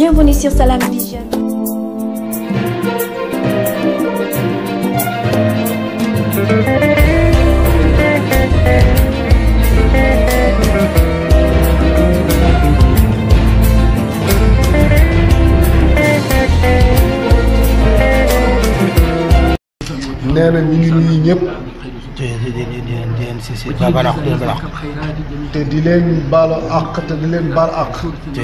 Bienvenue sur Salam Vision. nee na ñu ngi nuyu ñëpp. te di di di di te di leen te di leen te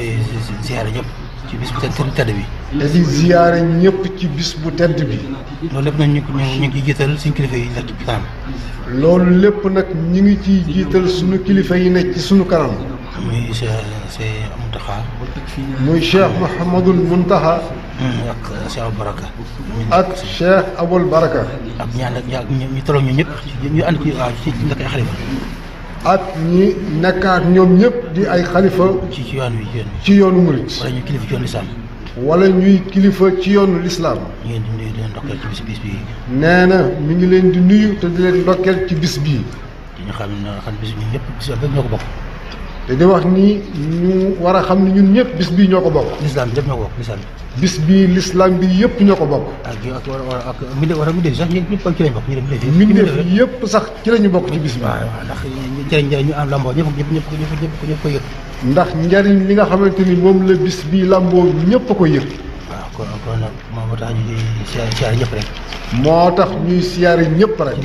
ziare ñëpp. ci bis bu tedd bi. dañuy ziyaare ñëpp ci bis bu tedd bi. loolu lépp nag ñu ngi ñu ngi jiital suñu yi nekk ci lépp nag ñu ngi ciy jiital suñu kilifa yi nekk ci suñu kanam. muy Cheikh Cheikh Mountakha. muy Cheikh Mouhamadul Mountakha. Hmm, ak Cheikh Abou Baraka. ak Cheikh Abou Baraka. ak ñaan ak ñi tolloog ñun ñëpp ñu ànd ci waaw ci ndakay xalifa. ak ñi nekk ak ñoom ñëpp di ay xalifa. ci ci yoon wi ci yoonu murit. wala ñuy kilifa ci yoonu lislaam. wala ñuy kilifa ci yoonu lislaam. ñu ngi leen di nuyu di leen ndokkeel nee na mu ngi leen di nuyu te di leen ndokkeel ci bis bii. ñu xam ne xam ne bis ñun ñëpp bis ñoo ko bokk. te di wax ni ñu war a xam ne ñun ñëpp bis bii ñoo ko bokk. lislaam bi ñëpp ñoo ko bokk lislaam bi. bis bii lislaam bi yëpp ñoo ko bokk. ak bi ak war a ak mbindeef war a mbindeef sax ñëpp ci lañ bokk. mbindeef yëpp sax ci lañu bokk ci bis bi. waaw ndax njëriñ njëriñ ñu am lamboo ñëpp ñëpp ñëpp ñëpp ñëpp ko yëg. ndax njëriñ li nga xamante ni moom la bis bii lamboo ñëpp a ko yëg. waaw kon kon nag moo tax ñuy siyaare ñëpp rek. moo tax ñuy siyaare ñëpp rek.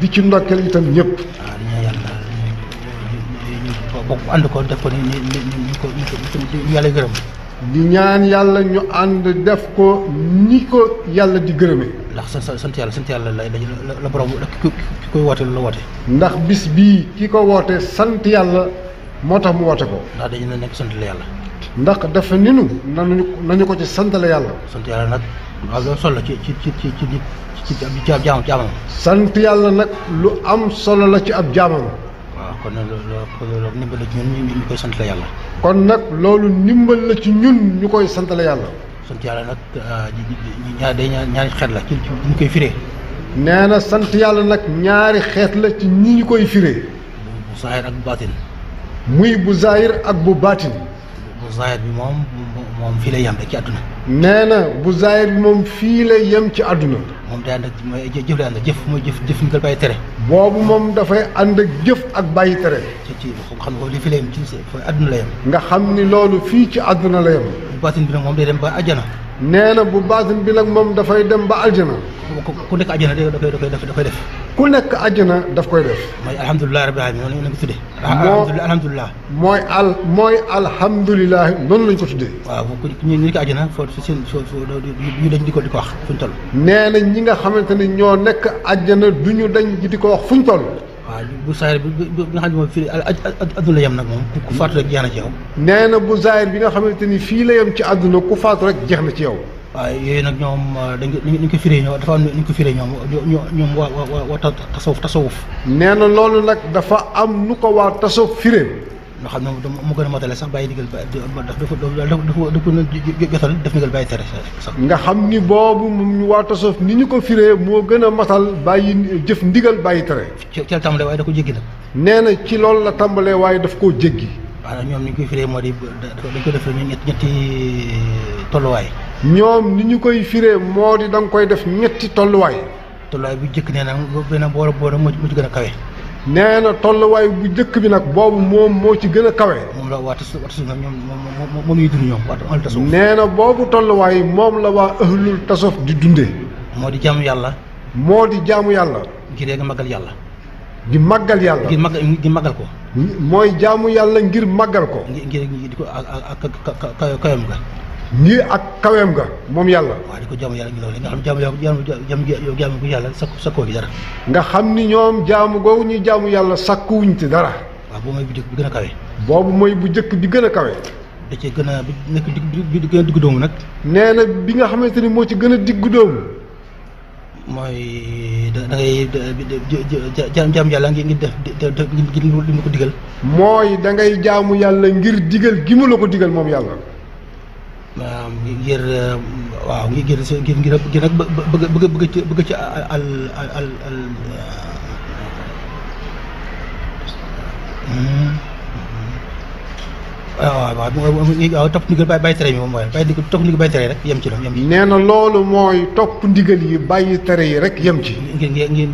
di ci ndokkeel itam ñëpp. waaw bokk ànd ko def ko ni ni ni ko ni yàlla gërëm. di ñaan yàlla ñu ànd def ko ni ko yàlla di gërëmee. ndax sant sant yàlla sant yàlla la la borom ki koy woote la woote. ndax bis bi ki ko woote sant yàlla moo tax mu woote ko. ndax dañu ne nekk sant la yàlla. ndax dafa ninu nañu nañu ko ci sant la yàlla. sant yàlla nag waaw loolu solo la ci ci ci ci ci ci ci ab jaamam. sant yàlla nag lu am solo la ci ab jaamam. kon loolu ndimbal la ci ñun ñu koy sant la yàlla. kon nag loolu ndimbal la ci ñun ñu koy sant la yàlla. sant yàlla nag ah, ñaar day ñaari xeet la ci ñu koy fire nee na sant yàlla nag ñaari xeet la ci ñi ñu koy firee. bu zaahir ak bu baatin. muy bu zaahir ak bu baatin. bu zaahir bi moom moom fii lay yem rek ci àdduna. nee na bu zaahir bi moom fii lay yem ci àdduna. moom day ànd ak mooy jëf la jëf mooy jëf jëf nga bàyyi tere. boobu moom dafay ànd ak jëf ak bàyyi tere. ci ci xam nga li fi la yem ci àdduna la yem. nga xam ni loolu fii ci àdduna la yem. baatin bi na moom day dem ba na nee na bu baatin bi nag moom dafay dem ba aljana ku nekk àjjana da koy da koy def ku nekk àjjana daf koy def mooy alhamdulilahi rabbil alamin noonu lañ ko tuddee alhamdulilah mooy al mooy alhamdulilahi noonu lañ ko tuddee waaw ñu nekk àjjana foo seen foo duñu dañ di ko di ko wax fuñ toll nee na ñi nga xamante ne ñoo nekk àjjana duñu dañ di ko wax fuñ toll waaw bu saayir bi nga xam ne moom fii adduna la yem nag moom ku faatu rek jeex na ci yow nee bu saayir bi nga xamante ni fii la yem ci àdduna ku faatu rek jeex na ci yow waaw yooyu nag ñoom ah, dañ ko dañ ko firee ñoom dafa am ñu ko firee ñoom ñoo ñoom waa waa waa tasawuf tasawuf nee na loolu nag dafa am nu ko waa tasawuf firee loo xam ne mu gën a motale sax ba ndax dafa dafa dafa jotal def ndigal bàyyi tere nga xam ni boobu moom waa tasawuf ni ñu ko firee moo gën a matal bàyyi jëf ndigal bàyyi tere. ci ci la tàmbalee waaye da ko jéggi nag. nee na ci loolu la tàmbalee waaye daf koo jéggi. waaw ñoom ni ñu koy firee moo di dañ ko def ñetti ñetti tolluwaay. ñoom ni ñu koy firee moo di da nga koy def ñetti tolluwaay. tolluwaay bu njëkk nee na benn boor boor moo ci gën a kawe. nee na tolluwaay bu njëkk bi nag boobu moom moo ci gën a kawe. moom la waa tasawuf moom ñuy dund ñoom waa tasawuf nee na boobu tolluwaay moom la waa ahlul tasawuf di dunde moo di jaamu yàlla. moo di jaamu yàlla. ngir yegg màggal yàlla. di màggal yàlla. ngir màggal ngir màggal ko. mooy jaamu yàlla ngir màggal ko. ngir ngir di ko ak ak ga ngir ak kaweem ga moom yàlla. waa di ko jaamu yàlla ñu loolu nga xam jaamu yàlla jaamu yàlla sakku gi dara. nga xam ni ñoom jaamu googu ñu jaamu yàlla sakkuwuñ ci dara. waaw boobu bi gën a kawe. boobu bu njëkk bi gën a kawe. da cee gën a nekk di gën a diggu nag. nee na bi nga xamante ni moo ci gën a diggu doomu. mooy da ngay jaamu yàlla ngir def ngir li mu ko digal. mooy da ngay jaamu yàlla ngir digal gi mu la ko digal moom yàlla. ngir waaw ngir ngir ngir ngir nag bëgg bëgg bëgg ci bëgg ci al hmm. waaw waaw waaw topp ndigal bàyyi tere yi moom mooy bàyyi topp ndigal bàyyi tere yi rek yem ci la yem ci. nee na loolu mooy topp ndigal yi bàyyi tere yi rek yem ci. ngir ngir ngir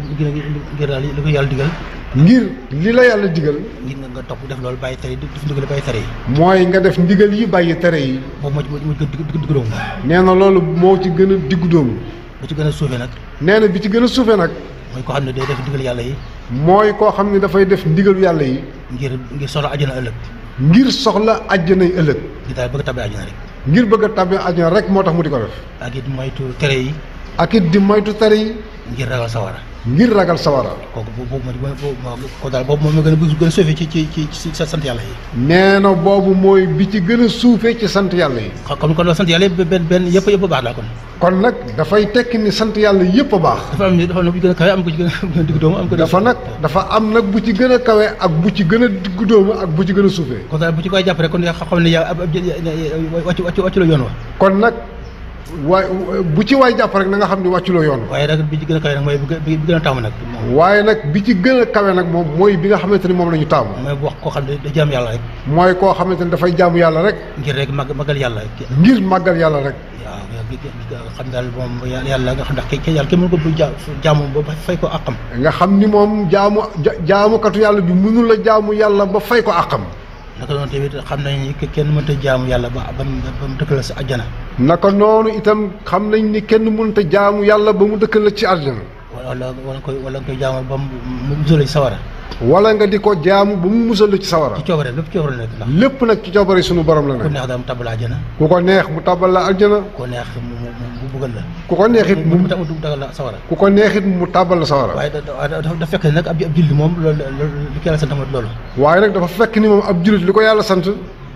ngir daal li ko yàlla digal. ngir li la yàlla digal. ngir nga topp def loolu bàyyi tere yi def ndigal bàyyi tere yi. mooy nga def ndigal yi bàyyi tere yi. moom moo ci moo ci gën a diggu dóomu. nee na loolu moo ci gën a diggu dóomu. bi ci gën a suufee nag. nee na bi ci gën a suufee nag. mooy koo xam ne day def ndigal yàlla yi. mooy koo xam ne dafay def ndigalu yàlla yi. ngir ngir solo àjjana ëllëg ngir soxla àjjanay ëllëg. ngir daal bëgg a tabbee àjjana rek. ngir bëgg a tabbee àjjana rek moo tax mu di ko def. ak it moytu tere yi. ak it di moytu tere yi. ngir ragal sawara. ngir ragal sawara. kooku boobu moom ko daal boobu moom la gën a a suufee ci ci mooy bi ci gën a suufee ci sant yàlla yi. kon kon sant yàlla benn yëpp yëpp baax daal kon. kon dafay tekki ni sant yàlla yëpp a baax. dafa am dafa ci gën a kawe a gën a kawe ak bu ci gën a digg doomu ak bu ci gën a suufee. kon daal bu ci koy jàpp rek kon xam ne yaa yoon wa. kon nag waay bu ci waay jàpp rek na nga xam ni wàcculoo yoon. waaye nag bi ci gën a kawe nag mooy bi gën a taamu nag. bi ci gën a kawe moom mooy bi nga xamante ni moom la ñu taamu. mooy wax koo xam ne da jaamu yàlla rek. xamante ni dafay jaamu yàlla rek. ngir rek màgg màggal yàlla rek. ngir màggal yàlla rek. waaw xam daal moom yàlla nga xam ndax yàlla kenn mënu ko jaamu ba fay ko àqam. nga xam ni moom jaamu jaamukatu yàlla bi mënul la jaamu yàlla ba fay ko àqam. naka noonu tamit xam nañ ni kenn mënta jaamu yàlla ba ba mu dëkkal sa àjjana. ko noonu itam xam nañ ni kenn mënta jaamu yàlla ba mu dëkkal la ci àjjana. wala wala nga koy wala nga koy jaamu ba mu mu sawara. wala nga di ko jaamu ba mu musal ci sawara. ci coobare lépp coobare la nekk lépp nag ci coobare sunu borom la nekk. ku neex daal mu tabal la aljana. ku ko neex mu tabal la aljana. ku ko neex mu mu bëggal la. ku ko neex it mu mu tabal la sawara. ku ko neex it mu tabal la sawara. waaye dafa fekk nag ab jullit moom loolu li ko yàlla sant mooy loolu. waaye nag dafa ni moom ab jullit li ko yàlla sant.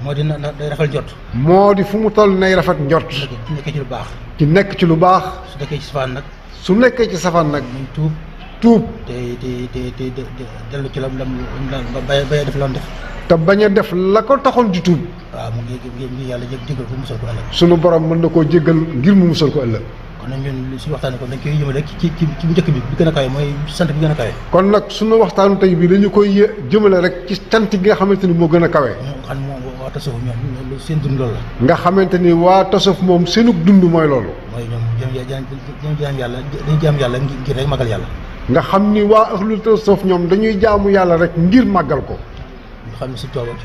moo di na day rafet njort. moo di fu mu toll nay rafet njot ci nekk ci lu baax. ci nekk ci lu baax. su nekkee ci safaan nag. su nekkee ci safaan nag. muy tuub tuub te te te te dellu ci lam lam ba bay def loon def te bañ a def la ko taxoon di tuub waaw mu ngi ngi yàlla jég jéggal ko musal ko ëllëg sunu borom mën na koo jéggal ngir mu musal ko ëllëg kon nag ñun suñu waxtaanu ko dañ koy jëmale ci ci ci bu njëkk bi bi gën a kawe mooy sant bi gën a kawe kon nag suñu waxtaanu tey bi dañu koy jëmale rek ci sant gi nga xamante ni moo gën a kawe xam moom waa tasawuf ñoom seen dund loolu la nga xamante ni waa tasawuf moom seenu dund mooy loolu mooy ñoom jaam yàlla dañu jaam yàlla ngir rek magal yàlla nga xam ni waa ahlul soof ñoom dañuy jaamu yàlla rek ngir màggal ko. nga xam ni sëñ Tuubaa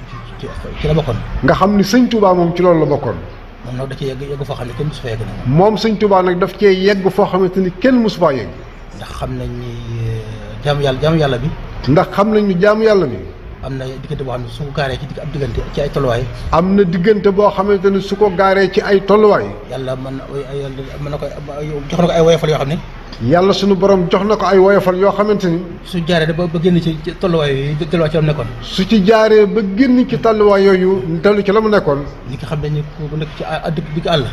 ci la bokkoon. nga xam ni sëñ Tuubaa moom ci loolu la bokkoon. moom nag da cee xam ne kenn mosu fa na. moom sëñ Tuubaa nag cee yegg foo xamante ni kenn mosu faa yegg. ndax xam nañ ni eh, jaamu yàlla jaamu yàlla bi. ndax xam nañ ni jaamu yàlla bi. am na diggante boo xam ne su ko gaaree ci ci ay tolluwaay. am na diggante boo xamante ni su ko gaaree ci ay tolluwaay. yàlla mën na yàlla mën na ko jox na ko ay woyofal yoo xam ne. yàlla sunu borom jox na ko ay woyofal yoo xamante ni. su jaaree ba génn ci tolluwaay yooyu tolluwaay ci la mu nekkoon. su ci jaaree ba génn ci tolluwaay yooyu dellu ci la mu nekkoon. ni nga xam ne nii ku nekk ci dëkk digg àll.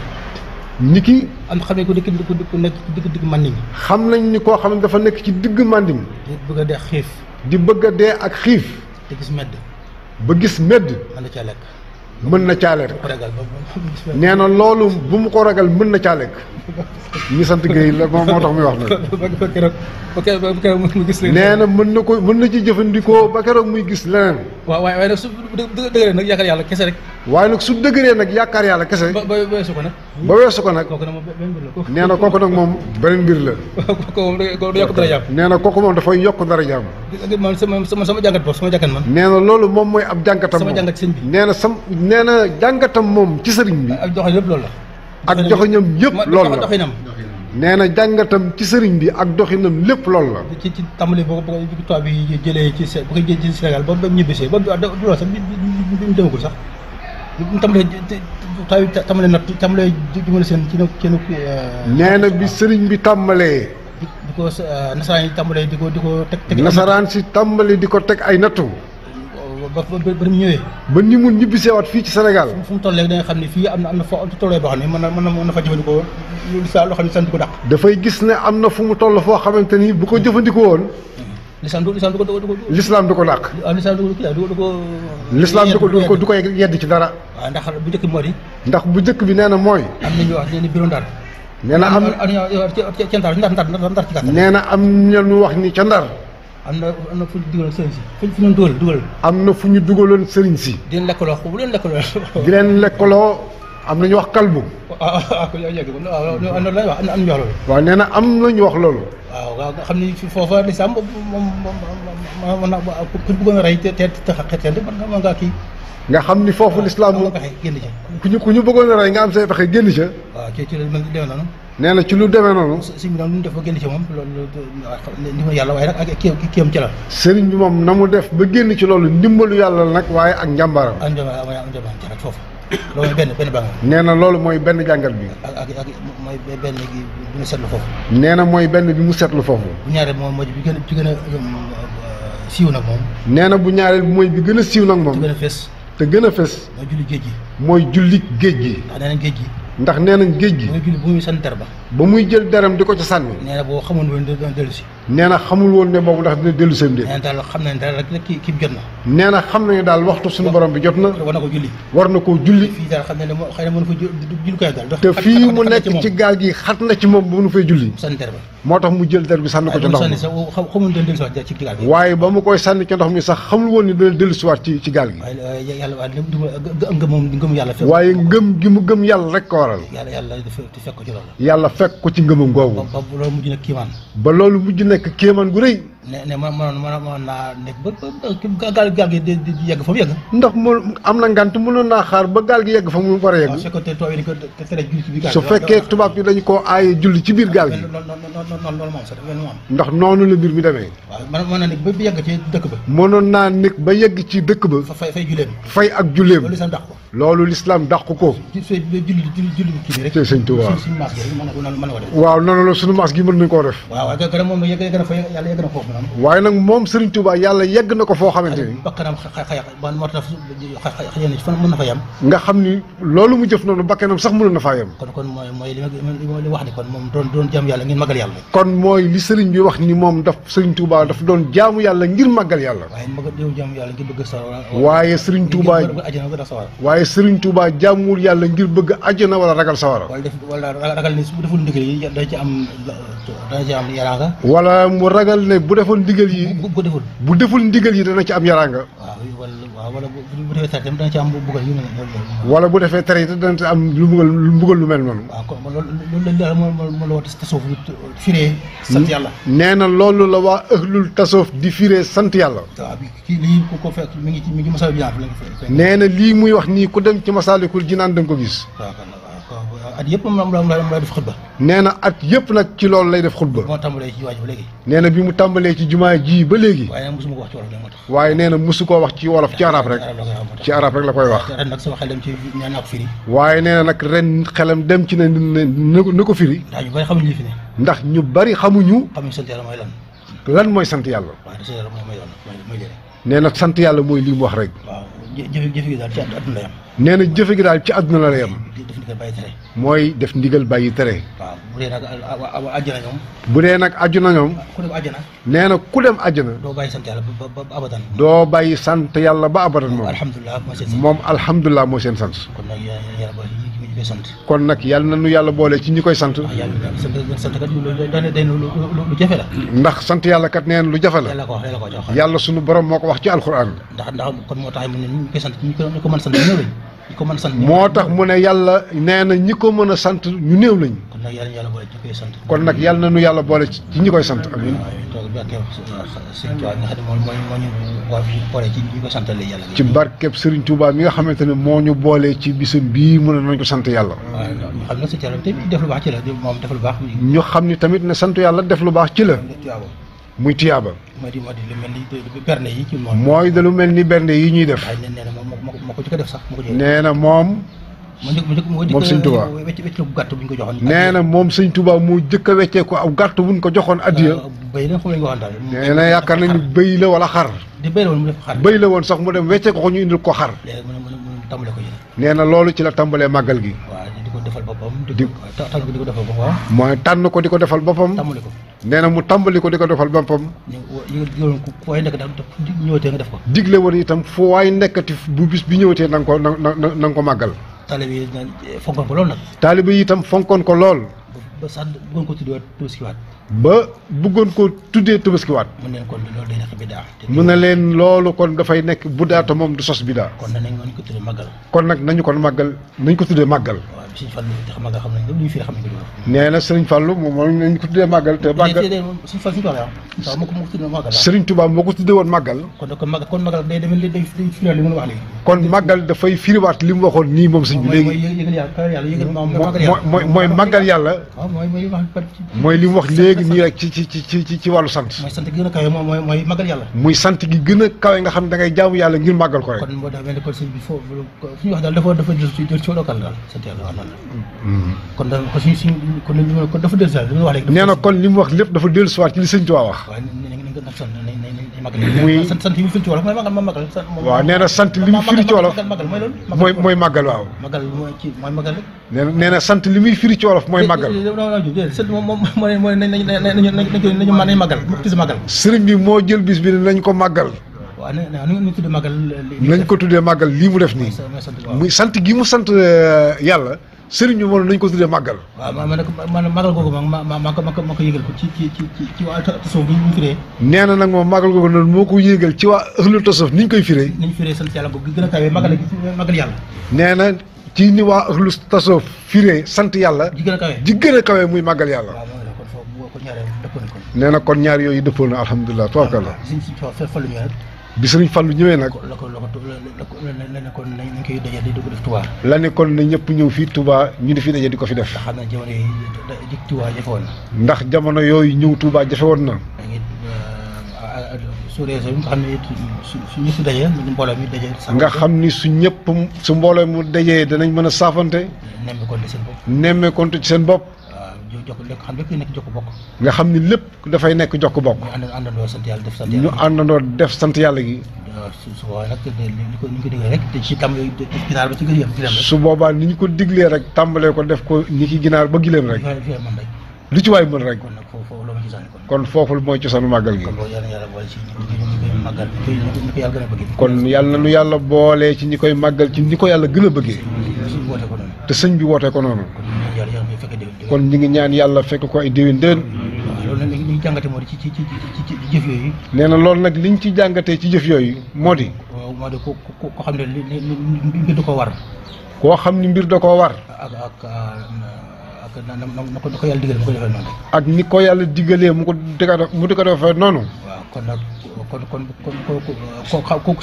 nit ki. am xam ne ku dikk ku nekk digg digg màndiñ. xam nañ ni koo xam ne dafa nekk ci digg màndiñ. di bëgg a dee xiif. di bëgg a dee ak xiif. te gis medd. ba gis medd. mën na caa lekk. mën na caa lekk nee na loolu bu mu ko ragal mën na caa lekk ñu sant Guèye la moom moo tax muy wax nag. nee na mën na ko mën na ci jëfandikoo ba keroog muy gis leneen. waaw waaye nag su dëgg nag yaakaar yàlla kese rek. waaye nag su dëgëree nag yaakaar yàlla kese. ba weesu ko nag. ba weesu ko nee na kooku nag moom beneen mbir la. kooku moom nee na kooku moom dafay yokk dara jàmm. man sama sama sama jàngat bopp sama jàngat man. nee na loolu moom mooy ab jàngatam. sama jàngat sëñ bi nee na sam nee na jàngatam moom ci sëriñ bi. ak doxinam yëpp lool la. ak doxinam yëpp loolu la doxinam. nee na jàngatam ci sëriñ bi ak doxinam lépp loolu la. ci ci tàmbali boo ko victoire bi jëlee ci Sénégal ba ba ñibbisee ba loolu sax bi bi mu demagul sax tam lay tam lay natt tam lay jumale seen ci euh, nag kenn. nee na bi sëriñ bi tàmbalee. di ko euh, nasaraan yi tàmbalee di ko di ko teg teg. si tàmbali di ko teg ay nattu. ba ba ba mu ñëwee. ba ni mu ñibbiseewaat fii ci Sénégal. fu mu toll léegi da xam ne fii am na am na foo tolluwaay boo xam ne mën na mën na fa jëfandikoo lu sa loo xam ne sant ko dàq. dafay gis ne am na fu mu toll foo xamante ni bu ko jëfandikoo woon. lislaam du lislaam du ko du ko. lislaam du ko làq. waaw ah, du ko ko. lislaam ko du yedd ci dara. waaw ah, ndax bu jëkk bi moo ndax bu njëkk bi nee na mooy. am nañu wax nee na bureau Ndar. nee na am ca Ndar Ndar Ndar ci gàttal. nee na am ñenn wax nii ca Ndar. am na na fu ñu dugaloon sëriñ si fu ñu dugal dugal. am na fu ñu dugaloon sëriñ si. di leen lekkaloo bu leen lekkaloo. di leen lekkaloo am nañu wax kalbu. ah am ah, ah, ah, ñu wax loolu. waaw nee na am nañu wax loolu. waaw waaw nga xam ni foofa li sàmm moom moom man ku bëggoon a rey te te te xeet mën ngaa xam ni foofu lislaam ku ñu ku a rey nga am say pexe génn ca. waaw ci ci lu demee noonu. nee na ci lu demee noonu. sëriñ bi noonu ñu def ci moom loolu ndimbalu yàlla waaye nag ak kii kii bi moom na mu def ba génn ci loolu ndimbalu yàlla nag waaye ak njàmbaaram. ak njàmbaaram am foofu. loolu benn benn bànqaar. nee na loolu mooy benn jàngat bi. ak ak ak mooy benn bi mu seetlu foofu. nee na mooy benn bi mu seetlu foofu. bu ñaareel moom mooy bi gën a bi gën a um, siiw nag moom. nee na bu ñaareel mooy bi gën a siiw nag moom. te gën a fes. a fes. mooy julli géej gi. mooy julli géej gi. ndax nee géej gi. ndax nee na géej gi. mooy julli bu muy ba. ba muy jël deram di ko ca sànni. nee na boo xamoon woon dana dellu si. nee na xamul woon ne boobu ndax dina dellu seen dé daal xam nañ daal rek kii kii jot na nee na xam daal waxtu suñu borom bi jot na war na koo julli te fii mu nekk ci gaal gi xat na ci moom ba mënu fay julli moo tax mu jël der bi sànni ko ci ndox mi waaye ba mu koy sànni ci ndox mi sax xamul woon ne dana dellu siwaat ci ci gaal gi waaye ngëm gi mu gëm yàlla rek ko waral yàlla fekk ko ci ngëmam googu ba loolu mujj nekk kéemaan gu rëy ne ne ma ma ma ma naa nekk ba ba gaal gaal gi di yegg ndax naa xaar ba gaal gi yegg fa a yegg. su fekkee tubaab yi dañu koo aaye julli ci biir gaal noonu la mbir mi demee. waaw naa nekk ba yegg ci dëkk ba. mënoon ak julleem. loolu lislaam dàq ko. waaw noonu la suñu maas gi mën nañu koo def. a moom yegg na fa yàlla yegg na foofu waaye nag moom Serigne Touba yàlla yegg na ko foo xamante ni. bakkanam xa xa ban moo tax fan mën na fa yem. nga xam ni loolu mu jëf noonu bakkanam sax mënoon na faa yem. kon kon mooy mooy li wax doon doon jaamu yàlla ngir màggal yàlla. kon mooy li Serigne bi wax ni moom daf Serigne Touba daf doon jaamu yàlla ngir màggal yàlla. waaye mag doon jaamu yàlla ngir bëgg a. waaye Serigne Touba waaye Serigne Touba jaamuwul yàlla ngir bëgg ajjana wala ragal sa wala def wala ragal ne su deful ndigal yi da ci am da ci am yaraanga. wala mu ragal ne bu defoon ndigal yi. bu bu deful bu bu bu defee tere dana ci am mbugal yu mel noonu. wala bu defee tere it dana ci am lu mbugal lu mbugal lu mel noonu. waaw la la wax tasawuf di firee. sant yàlla nee na loolu la waa ëhlul tasawuf di firee sant yàlla. waaw kii lii ku ko fekk mi ngi ci mi ngi Masaalikul Jinaan nee na lii muy wax nii ku dem ci Masaalikul Jinaan da nga ko gis. at yëpp moom la moom la def xutba. nag ci loolu lay def xutba. moo tàmbalee ci waajib léegi. nee na bi mu tàmbalee ci jumaa ji ba léegi. waaye nag mosu ko wax ci wolof moo tax. waaye nee na mosu koo wax ci wolof ci arab rek. ci arab rek la koy wax. ren nag sama xel dem naa ko waaye nee na nag ren xelam dem ci ne na ko firi. ndax ñu bari xamuñu li fi ne. ndax ñu bari xamuñu. xamuñu sant yàlla mooy lan. lan mooy sant yàlla. waaw sant yàlla mooy mooy nee na sant yàlla mooy li mu wax rek. waaw jë jëf gi daal ci nee na jëfe gi daal ci àdduna la yem. mooy def ndigal bàyyi tere. waaw bu dee nag àjjana ñoom. bu dee nag àjjana ñoom. ku dem àjjana. nee na ku dem àjjana. doo bàyyi sant yàlla ba ba abadan. doo bàyyi sant yàlla ba abadan moom. moom alhamdulilah moo seen sant. kon nag koy sant. kon nag yàlla na nu yàlla boole ci ñi koy sant. na sant kat lu la. ndax sant yàlla kat neen lu jafe la. yàlla sunu borom moo ko wax ci alxuraan. ko mën moo tax mu ne yàlla nee na ñi ko mën a sant ñu néew lañ. kon nag yàlla yàlla boole ci kon nag yàlla na ñu yàlla boole ci ñi koy sant amiin. waaw toog barkeeb Serigne ah, Touba nga xam ne moom moo ñu ci ñi koy santalee yàlla. mi nga xamante ne moo ñu boole ci bisam bii mu ne nañ ko sant yàlla. waaw ñu xam ne sant tamit def lu baax ci la moom def lu baax. ñu xam ne tamit ne sant yàlla def lu baax ci la. muy tiyaaba. mooy di lu mel ni bernde yi mooy da lu mel ni bernde yi ñuy def. waaye nee na moom moo ko def sax nee na moom. moom sëñ Tuubaa nee na moom sëñ Tuubaa moo jëkk a weccee ko aw gàtt buñ ko joxoon addiya euh, nee na yaakaar nañu bëy la wala xar bëy la woon sax mu dem weccee ko ko ñu indil ko xar nee na loolu ci la tàmbalee màggal gi di mooy tànn ko di ko defal boppam nee na mu tàmbali ko di ko defal boppam. ñu ko fu waay nekk daal ñëwatee nga def ko. digle woon itam fu waay nekkati bu bis bi ñëwatee na nga ko na na nga ko màggal. taalibe yi eh, fonkoon ko lool nag. taalibe itam fonkoon ko lool. ba sax bëggoon ko tuddee tabaskiwaat. ba bëggoon ko tuddee tabaskiwaat. mu ne kon loolu day mu ne leen loolu kon dafay nekk bu daata moom du sos bidaa. kon nag nañu ko tuddee màggal. kon nag nañu kon màggal nañu ko tuddee màggal. sëñ Fallou te xam nga xam nañ lu ñu fi xam nañ ko nee na Serigne Fallou moom moom nañ ko tuddee màggal te màggal Serigne Fallou ah. moo ko tuddee màggal Serigne Touba moo ko tuddee woon màggal kon nag kon màggal day demee day li mu wax léegi kon moom sëñ bi léegi mooy yàlla ah, mooy li mu wax léegi nii rek ci ci ci ci ci wàllu sant a kawe mooy mooy màggal yàlla muy sant gi gën a kawe nga xam ne da jaamu yàlla ngir màggal ko rek kon moo la. kon da ko suñ suñ kon li mu wax léegi. nee na kon li mu wax lépp dafa dellusiwaat ci li sëñ Tuubaa wax. waaw muy sant sant li mu firi ci wolof mooy magal waaw nee sant li muy firi ci wolof mooy magal. sëriñ bi moo jël bis nañ ko magal. nañ ko tuddee magal lii mu def nii. sant gi mu sant yàlla. sëriñ bi moom nañ ko tuddee màggal. waaw man googu ma ma ma ko yëgal ko ci waa tasawuf bi na nag moom màggal googu noonu moo ko yëgal ci waa ahlu tasawuf ni ñu koy firee. ni ñu firee sant yàlla googu gën yàlla. nee na ci ni waa ahlu tasawuf firee sant yàlla. ji gën a kawe muy màggal yàlla. waaw kon foofu na kon. ñaar yooyu dëppoo na alhamdulilah. waaw waaw bi fan lu ñëwee nag. la ko la ko la ne kon nañ koy daje di ko def Touba. la ne kon na ñëpp ñëw fii Touba ñu di fi daje di ko fi def. ndax xam na jamono yi jëkk Touba jafe woon na. ndax jamono yooyu ñëw Touba jafe woon na. Euh, nga xam ni su ñëpp su mbooloo mu dajee danañ mën a saafante. nemmeekonte ci seen bopp. nemmeekonte ci seen bopp. jokk xam lépp nekk jokk bokk nga xam ni lépp dafay nekk jokk bokk ñu àndandoo sant yàlla def sant yàlla ñu àndandoo def sant yàlla gi su boobaa ni ko diglee rek ba ci gileem su boobaa ni ñu ko diglee rek tàmbalee ko def ko ñi ci ginaar ba gileem rek lu ci waay mën rek kon foofu mooy cosaanu màggal gi kon yàlla na nu yàlla boole ci ñi koy màggal ci ñi ko yàlla gën a bëggee te sëñ bi wootee ko noonu. kon ñu ngi ñaan yàlla fekk ko ay déwén déwén. loolu nag jàngate moo di ci ci ci ci jëf nee na loolu nag liñ ci jàngatee ci jëf yooyu moo di. waaw di ko xam ne mbir da koo war. koo xam ni mbir da ko war. ak ak ak na ko yàlla digalee mu ko defee noonu. ak ni ko yàlla digalee mu mu di ko defee noonu. kon nag kon kon kon kooku kooku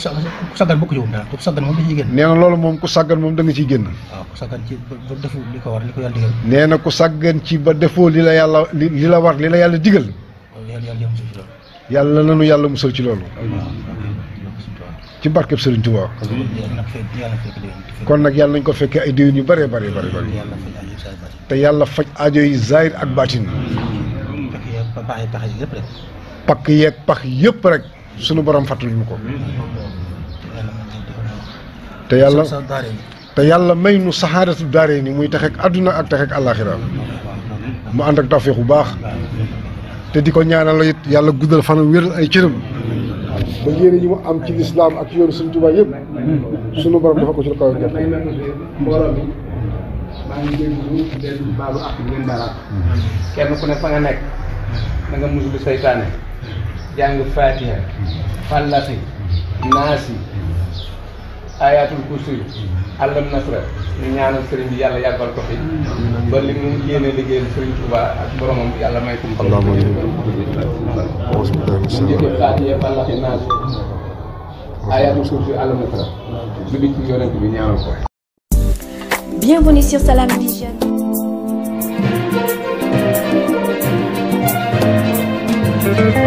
saggan bokk ci woon dara kooku saggan moom da nee na loolu moom ku saggan moom da nga ciy génn. waaw ku ko war li nee na ku saggan ci ba defoo li la yàlla li li la war li la yàlla digal. yàlla nanu yàlla musal ci loolu. ci barkeb Serigne Touba. kon nag yàlla nañ ko fekkee ay déwén yu bëree bëri bëri bëri. te yàlla faj ajo yi zaahir ak baatin. pakk yeeg pax yëpp rek sunu borom fàttali ñu ko te yàlla te yàlla may nu saxaadatu daare ni muy texeeg àdduna ak texeeg àllaaxira mu ànd ak tawféex bu baax te di ko ñaanal it yàlla guddal fan wéral ay cëram ba yéene yi mu am ci lislaam ak ci yoonu Sëriñ Tuubaa yëpp sunu borom dafa ko ci kaw ngi dégg kenn ku ne fa nga nekk jàng fatiha fallati naasi ayatul kursi àllam nasra ñu ñaanal sëriñ bi yàlla yàggal ko fi ba li mu yéene liggéeyal sëriñ ak boromam yàlla may ko mu njëkkee fatiha fallati naasi ayatul kursi àllam nasra lu bi ci yonent bi ñaanal ko Bienvenue sur Salam Vision thank you